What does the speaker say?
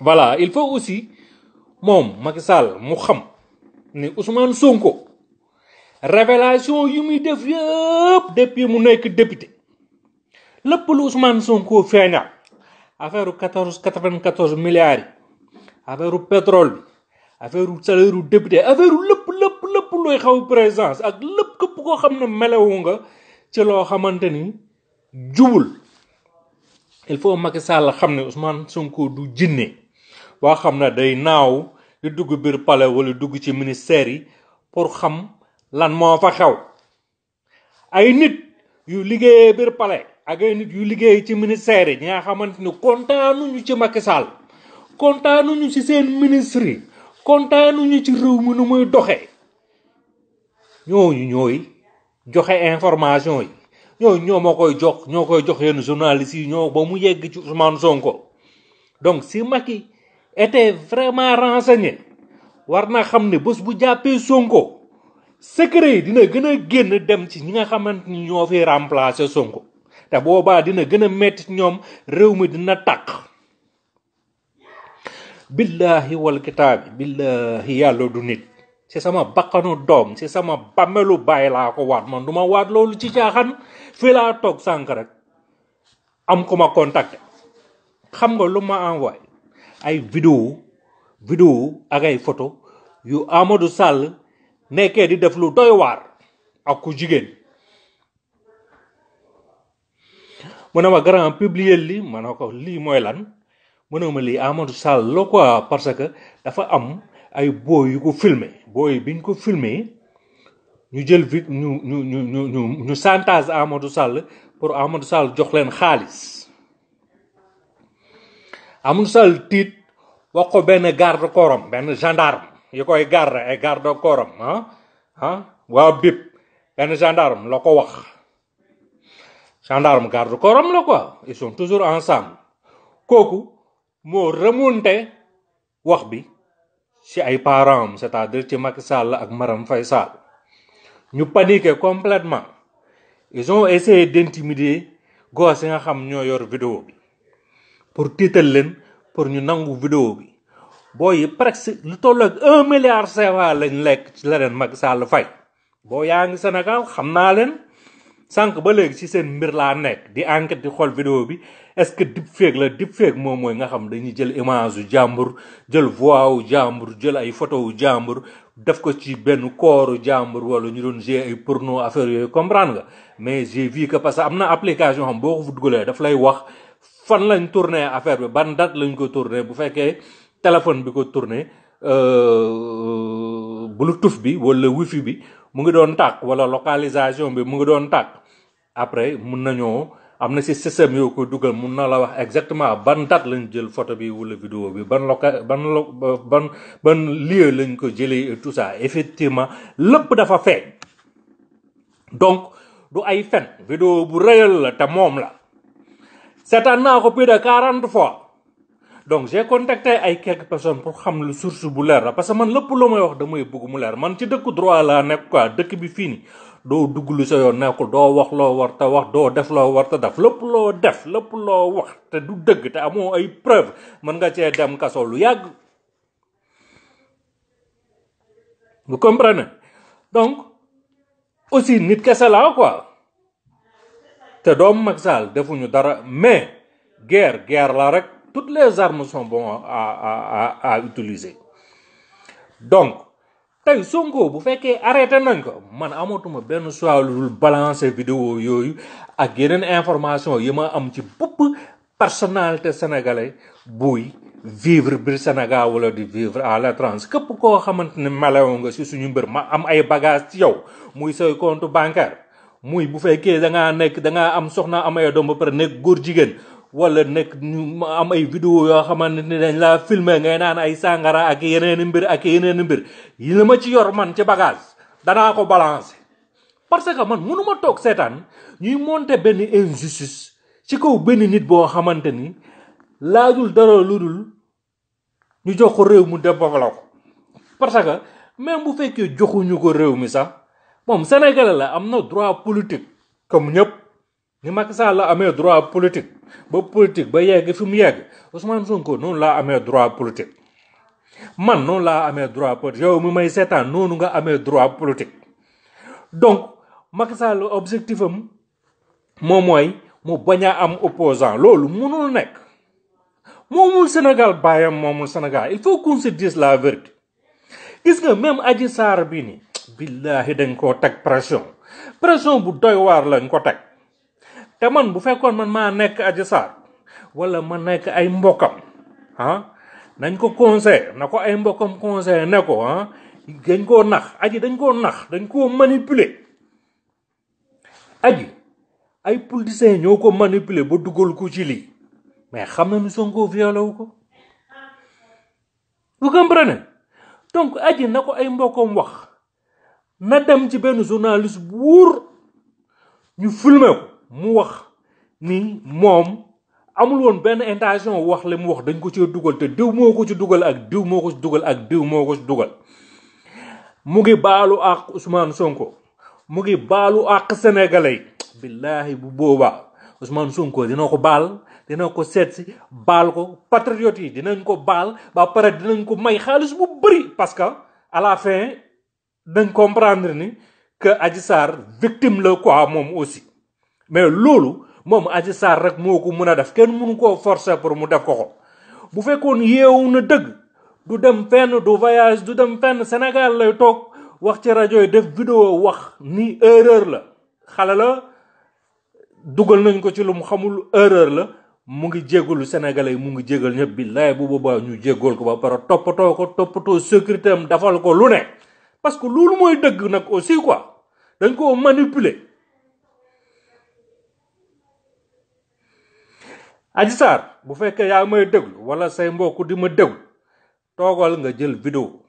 voilà il faut aussi moom Macky mu xam ni Ousmane Sonko révélation yu muy def yëpp depuis mu nekk député lépp lu Ousmane Sonko feeñal affaire u quatorze quatre-vingt-quatorze affaire u pétrole bi affaire u salaire u député affaire u lépp lépp lépp luy xaw présence ak lépp këpp koo xam na melewu nga ci loo xamante ni jubul il faut Macky xam ne Ousmane Sonko du jinne waa xam na day naaw di dugg biir palais wala dugg ci ministère yi pour xam lan moo fa xew ay nit yu liggéeyee biir palais ak ay nit yu liggéey ci ministère yi ñi nga xamante ni kontaanuñu ci Macky Sall kontaanuñu ci seen ministre yi kontaanuñu ci réew mi nu muy doxee ñu ñooy joxe information yi ñooñu ñoo ma koy jox ñoo koy jox yenn journalistes yi ñoo ba mu yegg ci Ousmane Sonko donc si Macky était vraiment renseigné war na xam ne bés bu jàppee Sonko secret yi dina gën a génn dem ci ñi nga xamante ni ñoo fi remplacer Sonko te boobaa dina gën a metti ñoom réew mi dina tàq billaahi wal kitaabi billaahi yàlla du nit ci sama bakkanu doom ci sama bàmmelu bàyyi laa ko waat man du waat loolu ci caaxaan fii laa toog sànq rek am ku ma contacté xam nga lu ma envoyé ay vidéo vidéo ak ay photo yu Amadou Sall nekkee di def lu doy waar ak ku jigéen mu ne ma grand publier li ma ko lii mooy lan mu ne ma lii Amadou Sall la quoi parce que dafa am ay booy yu ko filmer booy biñ ko filme ñu jël vi ñu ñu ñu ñu ñu Amadou Sall pour Amadou Sall jox leen xaalis amul sal tiit wax ko benn garde corps benn gendarme yi koy garde ay garde corps am ah, ah, waa bip benn gendarme la ko wax gendarme garde corps am la quoi ils sont toujours ensemble kooku moo remonté wax bi ci ay parents am c'est-à-dire ci Macky Sall ak Marème fay Sall ñu paniqué complètement ils ont essayé d'intimider nga xam ñoo yor vidéo bi pour tiital leen pour ñu nangu vidéo bi boo yi presque lu tolloog un milliard CFA lañ lekk ci la leen Macky Sall fay boo yaa ngi Sénégal xam naa leen sànq ba léegi ci seen mbir laa nekk di enquête di xool vidéo bi est-ce que deepfake la deepfake moom mooy nga xam dañuy jël image yu jàmbur jël voix wu jàmbur jël ay photo wu jàmbur def ko ci benn kooru jàmbur wala ñu doon gé ay porno affaire yooyu comprendre nga mais j'ai vu que parce que am na application xam boo ko fa dugalee lay wax fan lañ tourné affaire bi ban date lañ ko tourné bu fekkee téléphone bi ko tourné euh, bluetooth bi wala wifi bi mu ngi doon tàkk wala localisation bi mu ngi doon tàkk après mun nañoo am na si système yoo ko dugal mun na la wax exactement ban date lañ jël photo bi wala vidéo bi ban loca ban lo ban ban lieu lañ ko jëlee et tout effectivement lépp dafa feeñ donc du ay fen vidéo bu rëyal la te moom la seetaan naa ko plus de quarante fois donc j'ai contacté ay quelques personnes pour xam lu source bu leer la parce que man lépp lu may wax damay bëgg mu leer man ci dëkku droit laa nekk quoi dëkk bi fii nii doo dugg lu sa yoon nekkul doo wax loo war wax doo def loo war te def lépp loo def lépp loo wax te du dëgg te amoo ay preuve mën nga cee dem kaso lu yàgg. vous comprenez donc aussi nit kese laa quoi. te doomu Macky saal defuñu dara mais guerre guerre la rek toutes les armes sont bonnes à à à utiliser donc tey Sonko bu fekkee arrêté nañ ko man amatuma benn choix lu balancer vidéo yooyu ak yeneen information yi ma am ci bopp personnalité sénégalais buy vivre biir Sénégal wala di vivre à trance képp koo xamante ne melewo nga si suñu mbir ma am ay bagage ci yow muy say compte bancaire muy bu fekkee da ngaa nekk dangaa am soxna am doom ba pare nekk góor jigéen wala nekk ñu am ay vidéo yoo xamante ni dañ laa filmer ngay naan ay sàngara ak yeneen mbir ak yeneen mbir yi la ma ci yor man ci bagage danaa ko balancer. parce que man mënu ma toog seetaan ñuy monter benn injustice ci kaw benn nit boo xamante ni laajul dara lu dul ñu jox ko réew mu développé ko parce que même bu fekkee joxuñu ko réew mi sax. moom sénégalais la am na droit politique comme ñëpp ni Macky Sall amee droit politique ba politique ba yegg fi mu yegg Ousmane Sonko noonu laa amee droit politique man noonu laa amee droit politique yow mi may seetaan noonu nga amee droit politique donc Macky Sall objectif am moom mooy mu bañ a am opposant loolu mënul nekk moomul Sénégal bàyyam moomul Sénégal il faut qu'on se dise la vérité gis nga même Adji Sarr bii nii billahi dañ koo teg pression pression bu doy waar lañ ko teg te man bu fekkoon man maa nekk Adji Sarr walla ma nekk ay mbokkam ah nañ ko conseil na ko ay mbokkam conseil ne ko ah dañ koo nax aji dañ koo nax dañ koo manipuler aji ay politiciens ñoo ko manipuler ba duggal ko ci lii mais xam na ni Sonko violé wu ko vous comprenez donc aji na ko ay mbokkam wax na dem ci benn journaliste bu wóor ñu filmé ko mu wax ni moom amul woon benn intention wax li mu wax dañ ko ci dugal te diw moo ko ci dugal ak diw moo ko ci dugal ak diw moo ko ci dugal mu ngi baalu àq Ousmane Sonko mu ngi baalu àq sénégalais yi billaahi bu boobaa Ousmane Sonko dina ko baal dina ko seet si baal ko patriote yi dinañ ko baal ba pare dinañ ko may xaalis bu bëri parce que à dañ comprendre ni que Adji Sarr victime la quoi moom aussi mais loolu moom Adji Sarr rek moo ko mun a def kenn mënu koo forcer pour mu def ko ko bu fekkoon yeewu na dëgg du dem fenn du voyage du dem fenn Sénégal lay toog wax ci rajo yi def vidéo wax ni erreur la xale la dugal nañ ko ci lu mu xamul erreur la mu ngi jégalu Sénégalais yi mu ngi jégal ñëpp billaay bu boobaa ñu jégal ko ba pare toppatoo ko toppatoo sécurité am dafal ko lu ne parce que loolu mooy dëgg nag aussi quoi dañ koo manipuler aj Sarr bu fekkee yaa may déglu wala say mbokk di ma déglu toogal nga jël vidéo